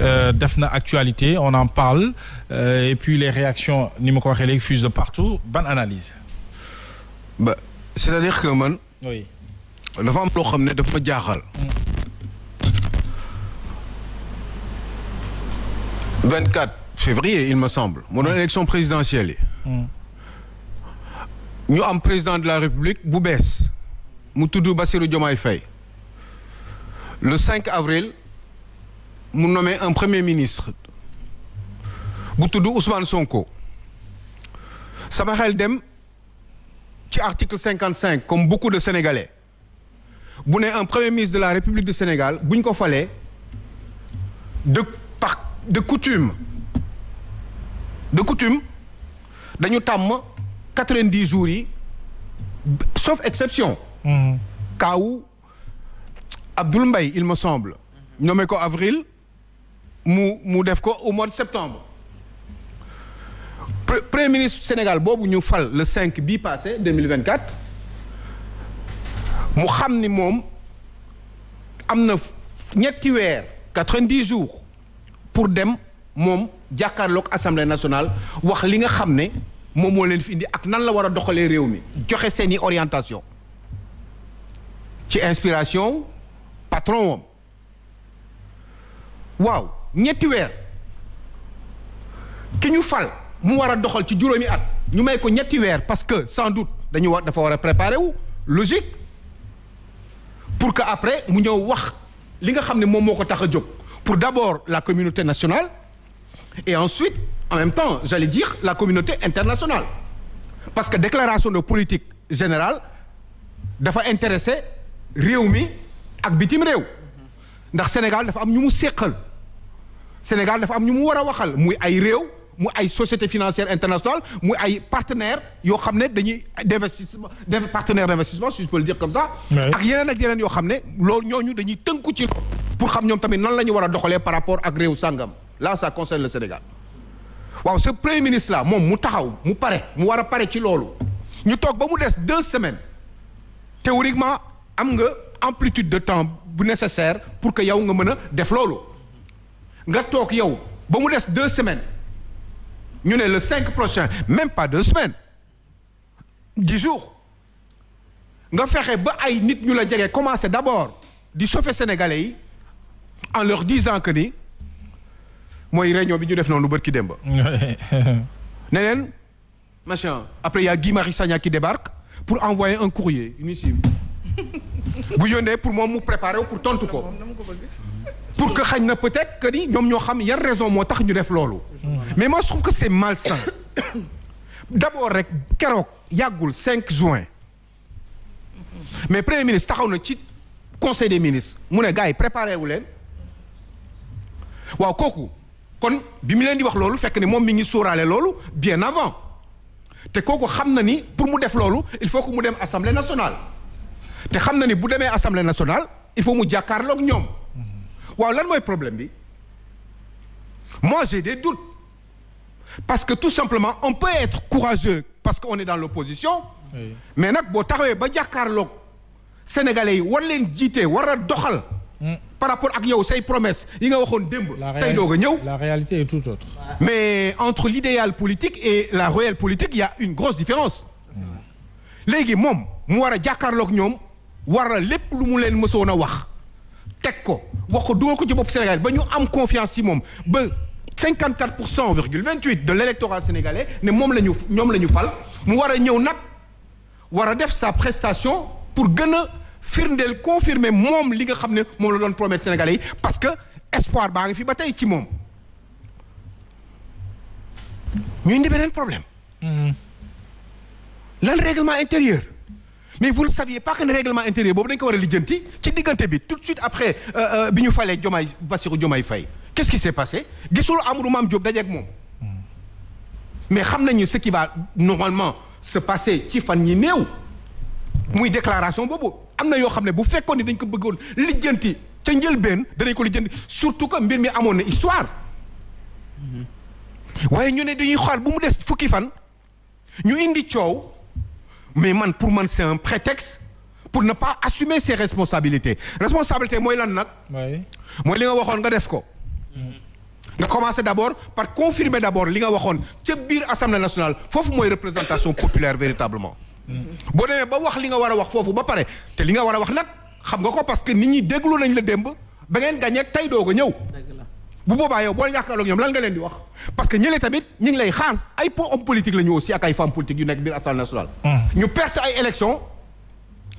Euh, def na actualité on en parle euh, et puis les réactions ni ma ko waxee léegi fusent de ban analyse. ba cest à man. oui dafa am xam ne dafa jaaxal. 24 février il me semble. moo doon mm. élection mm. am président de la république bu bees mu tudd Bassirou Diomaye Faye le 5 avril mu nommé un premier ministre bu tudd Ousmane Sonko sama xel dem ci article cinquante cinq comme beaucoup de bu ne un premier ministre de la République du Sénégal bu ko falee de par de coutume dañu tàmm quatre vingt dix jours yi sauf exception. Mm-hmm. kaawu Abdoul Mbaye il mu mu def ko au mois de septembre premier ministre Sénégal boobu ñu fal le 5 bii passé 2024 mu xam ni moom am na ñetti weer 90 jours pour dem moom jàkkaarlook assemblée nationale wax li nga xam ne moom moo leen fi indi ak nan la war a doxalee réew mi joxe seeni orientation ci inspiration patron woom waaw ñetti weer ki ñu fal mu war a doxal ci juróomi at ñu may ko ñettiweer parce que sans doute dañu war dafa war a préparer wu logique pour que après mu ñëw wax li nga xam ne moom moo ko tax a jóg pour d'abord la communauté nationale et ensuite en même temps j'allais dire la communauté internationale parce que déclaration de politique générale dafa intéressé réew mi ak bitim réew ndax Sénégal dafa am ñu mu séqal Sénégal dafa am ñu mu war a waxal muy ay réew mu ay société financière internationale muy ay partenaires yoo xam ne dañuy d'investissement partenaire d'investissement si je peux le dire comme ça ak yeneen ak yeneen yoo xam ne loolu ñoo ñu dañuy tënku ci pour xam ñoom tamit nan la ñu war a doxalee par rapport ak réew sangam la ça concerne le Sénégal waaw ce premier ministre là moom mu taxaw mu pare mu war a pare ci loolu ñu toog ba mu des deux semaines théoriquement am nga amplitude de temps bu nécessaire pour que yow nga mën a def loolu nga toog yow ba mu des deux semaines ñu ne le cinq prochain même pas deux semaines dix jours nga fexe ba ay nit ñu la jege commencé d'abord di chauffer sénégalais yi en leur disant que ni mooy réunion bi ñu def noonu bërki démb. ne leen machin après y a Guy Marius Sagna qui débarque pour envoyer un courrier une missive bu yónnee pour moom mu préparer pour tontu ko. pour que xañ na peut-être que ni ñoom ñoo xam yan raison moo tax ñu def loolu. mais moi je trouve que c'est malsain d'abord rek keroog yàggul 5 juin mais premier ministre taxaw na ci conseil des ministres mu ne gars yi préparé wu leen waaw kooku kon bi mu leen di wax loolu fekk ni moom mi ngi sóoraale loolu bien avant te kooku xam na ni pour mu def loolu il faut que mu dem assemblée nationale te xam na ni bu demee assemblée nationale il faut mu jàkkaarloog ñoom. waaw lan mooy problème bi moi j'ai des doutes parce que tout simplement on peut être courageux parce qu'on est dans l'opposition oui. mais nag boo taxawee ba jàkkaarloog sénégalais yi war leen jiite war a doxal hmm. par rapport ak yow say promesse yi nga waxoon démb tey doog a ñëw la réalité est mais entre l'idéal politique et la réelle politique il y a une grosse différence léegi moom mu war a jàkkaarloog ñoom war a lépp lu mu leen mësoon a wax teg ko wax doo ko ci bopp Sénégal ba ñu am confiance ci moom ba 54 pour cent virgule 28 de l' électorat sénégalais ne moom la ñu ñoom la ñu fal mu war a ñëw nag war a def sa prestation pour gën a firndeel confirmer moom li nga xam ne moom la doon promettre sénégalais yi parce que espoir baa ngi fi ba tey ci moom ñu indi beneen problème. Hmm. lan règlement intérieur. mais vous ne saviez pas que ne règlement intérieur boobu dañ ko war a lijjanti ci diggante bi tout de suite après euh, euh, bi ñu falee Diomaye Bassirou Diomaye Faye qu'est-ce qui s'est passé gisul Amadou Mame Diop dajeeg moom mais xam nañu ce qui va normalement se passer ci fan ñi néew muy déclaration boobu am na yoo xam ne bu fekkoon ni dañ ko bëggoon lijjanti ca njëlbeen danañ ko lijjanti surtout que mbir mi amoon na histoire mm-hmm. waaye ñu ne dañuy xaar bu mu des fukki fan ñu indi coow mais man pour man c'est un prétexte pour ne pas assumer ses responsabilités responsabilité mooy lan nag. mooy li nga waxoon nga def ko. nga commencer d'abord par confirmer d'abord li nga waxoon ca biir assemblée nationale foofu mooy représentation populaire véritablement. boo demee ba wax li nga war a wax foofu ba pare te li nga war a wax nag xam nga ko parce que nit ñi déglu nañ la démb ba ngeen gagné tey doo ko ñëw. bu boobaa yow boo jàkkaarloo ak ñoom lan nga leen di wax parce que ñële tamit ñu ngi lay xaar ay po homme politique la ñu aussi ak ay femme politique yu nekk biir assemblée nationale. Hmm. ñu perte ay élections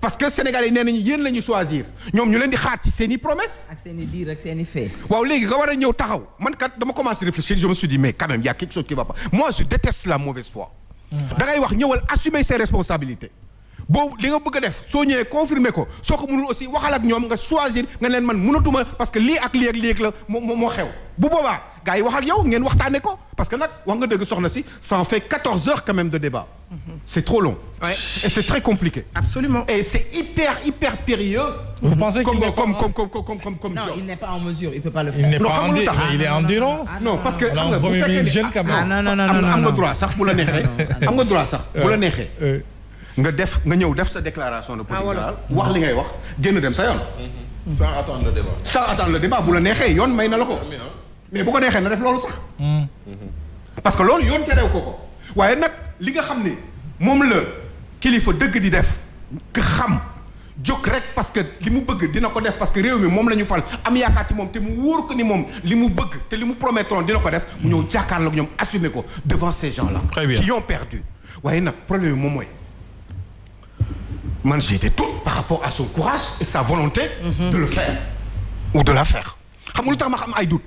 parce que sénégalais yi nee nañu yéen la ñu choisir ñoom ñu leen di xaar ci seen i promesse seen i diir ak seen i fee. waaw léegi nga war a ñëw taxaw man kat dama commencé réfléchir je me suis dit mais quand même y a quelque chose qui va pas moi je déteste la mauvaise foi. Hmm. da wax ñëwal boo li nga bëgg def soo ñëwee confirmer ko soo ko mënul aussi waxal ak ñoom nga choisir nga leen man mënatuma parce que lii ak lii ak lii la moo moo xew bu boobaa gars yi yow ngeen waxtaane ko parce que nag wax nga dëgg soxna si ça en fait quatorze heures quand même de débat mm-hmm. c'est trop long ouais. et c'est très compliqué absolument et c'est hyper hyper périlleux vous mm-hmm. pensez comme comme comme comme comme comme non il n'est pas en mesure il peut pas le faire il n'est ah, ne am nga droit sax bu la euh, neexee am euh, nga def nga ñëw def sa déclaration de politique ah, générale wax li ngay wax génn dem sa yoon. Mm-hmm. sans attendre le débat. sans attendre le débat bu la neexee yoon may na la ko. mais bu ko neexee na def mm. mm-hmm. parce que loolu yoon terew ko ko waaye nag li nga xam ni moom la kilifa dëgg di def nga xam. jóg rek parce que li mu bëgg dina ko def parce que réew mi moom la ñu fal am yaakaar ci moom te mu wóor ko ni moom li mu bëgg te li mu promettoon dina ko def mu ñëw jàkkaarloog ñoom assumer ko devant ces gens la très bien qui ont perdu waaye nag problème moom mooy. man j'ai été toute par rapport à son courage et sa volonté de le faire ou de la faire xamul nga lu tax ma xam ay doute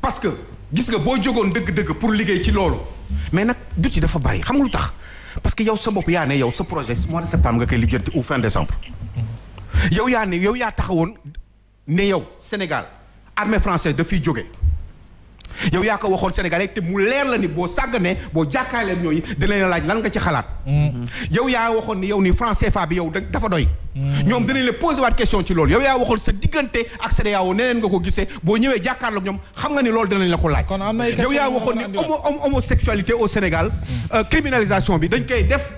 parce que gis nga boo jógoon dëgg-dëgg pour liggéey ci loolu mais nag doute yi dafa bari xam nga tax parce que yow sa bopp yaa ne yow sa projet mois de septembre nga koy lijjanti ou fin décembre yow yaa ne yow yaa taxawoon ne yow Sénégal armée française dafiy jóge yow yaa ko waxoon sénégalais te mu leer la ni boo sàgganee boo jàkkaaleen ñooñu dinañ laaj lan nga ci xalaat mm-hmm. yow yaa waxoon ni yow ni france CFA bi yow dafa doy mm-hmm. ñoom dinañ la posé waat question ci loolu yow yaa waxoon sa diggante ak CEDEAO neneen nga ko gisee boo ñëwee jàkkaarloog ñoom xam nga ni loolu dinañ la ko laaj yow yaa waxoon ni homosexualité au Sénégal mm-hmm. euh, criminalisation bi dañ koy def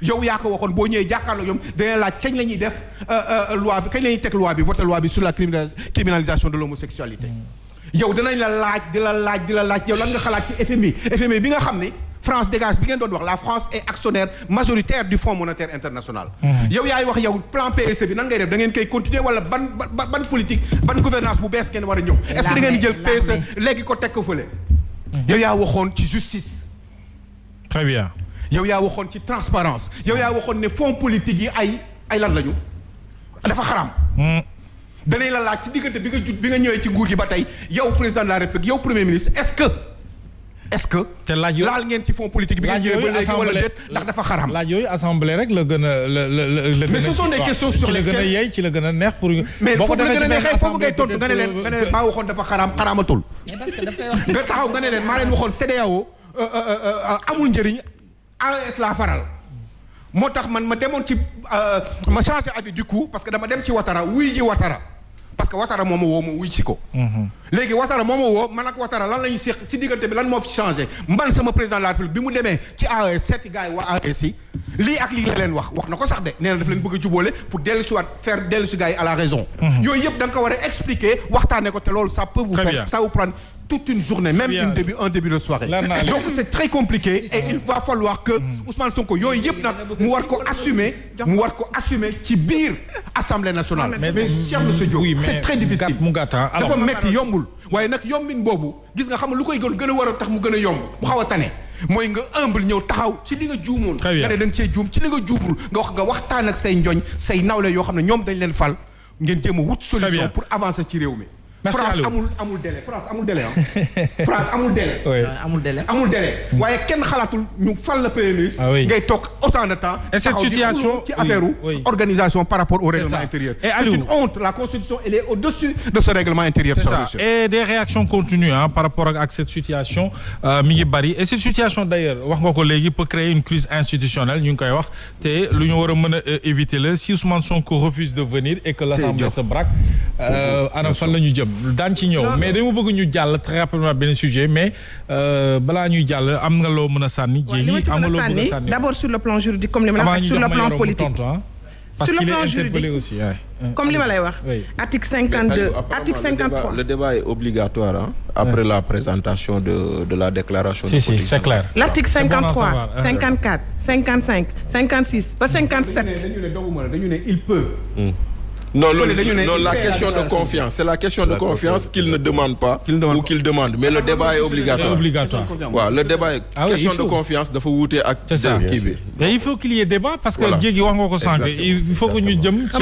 yow yaa ko waxoon boo ñëwee jàkkaarloo ñoom dina laaj kañ la ñuy def euh, euh, loi bi kañ la ñuy teg loi bi voté loi bi sur la criminalisation de l'homosexualité yow dinañ la laaj di la laaj di la laaj yow lan nga xalaat ci FMI FMI bi nga xam ne France dégage bi ngeen doon wax la France est actionnaire majoritaire du Fonds monétaire international. Mm-hmm. yow yaay wax yow plan PSE bi nan def da ngeen continuer wala ban ban politique ban gouvernance bu bees ngeen war a ñëw. est-ce que da ngeen jël PSE e léegi ko teg ko fële. Mm-hmm. yow yaa waxoon ci justice. très bien. yow yaa waxoon ci transparence yow yaa waxoon ne fonds politique yi ay ay lan lañu dafa xaram. Mm. danañ la laaj ci diggante bi nga jut bi nga ñëwee ci nguur gi ba tey yow président de la république yow premier ministre est-ce que est-ce que. laaj yooyu laal ngeen ci fonds politique bi ngeen ñëwee ba léegi ndax dafa xaram. laaj yooyu assemblée rek la gën a la la la. mais ce sont ci la gën a neex pour. boo ko defee ci benn assemblée mais foofu la a neexee nga ne leen nga ne leen maa waxoon dafa xaraam xaraamatul. nga taxaw nga ne leen maa leen waxoon CEDEAO euh, euh, euh, amul njëriñ AES laa faral. moo tax man ma demoon ci ma changé avis du coup parce dama dem ci Ouattara wuy ji Ouattara parce que Ouattara moom a woo ma wuy si ko. Mhm. léegi Ouattara moom a woo man ak Ouattara lan la ñu diggante bi lan moo fi changé man sama président la République bi mu demee ci AES seeti gars yi waa AES yi ak lii leen wax wax na ko sax de nee na daf leen bëgg a jubóole pour dellu si faire dellu si gars à la raison. Mhm. yooyu yëpp da nga ko war a ko te loolu ça peut vous faire ça vous prendre toute une journée même une début un début de soirée donc c'est très compliqué et il va falloir que mm. Ousmane Sonko yooyu yëpp nag mu war ko assumer mu war ko assumer ci biir Assemblée nationale mais cher monsieur Diop c'est très difficile dafa métti yombul waaye nag yombin boobu gis nga xam nga lu koy gën gën a war a tax mu gën a yomb mu xaw a tane mooy nga humble ñëw taxaw ci li nga juumoon nga ne cee juum ci li nga juumul nga wax nga waxtaan ak say njoñ say nawle yoo xam ne ñoom dañ leen fal ngeen jéem a wut solution pour avancer ci réew mi merci France amul amul délai France amul délai ah. France amul délai. amul mm. kenn xalaatul ñu fal la premier ministre. Ah ngay toog autant de temps. et cette situation ci affaire organisation par rapport au règlement intérieur. et Aliou c'est une par rapport ak cette situation euh, mi ngi bari et cette situation d'ailleurs wax nga ko léegi peut créer une crise institutionnelle ñu ngi koy wax te lu ñu war a mën a euh, éviter la si Ousmane refuse de venir et que l'Assemblée se braque. Euh, ana la ñu jëm. daan ci ñëw mais dama bëgg ñu jàll très rapidement benn sujet mais euh, balaa ñuy jàll am nga loo mën a sànni. jéegi am nga loo mën a sànni d'abord sur le plan juridique comme li ma la sur le plan politique sur le plan juridique comme li ma lay wax. article cinquante deux article cinquante trois le débat est obligatoire après la présentation de de la déclaration. si si c'est clair. l'article cinquante trois cinquante quatre cinquante cinq cinquante six ba cinquante sept. dañu ne dañu ne il peut. Hmm. non loolu non la question de confiance c'est la question de confiance qu'il ne demande pas ou qu'il demande mais le débat est obligatoire le débat est question de confiance dafa wuute ak kii il faut qu'il y ait débat parce que jéegi wax nga ko il faut que ñu jëm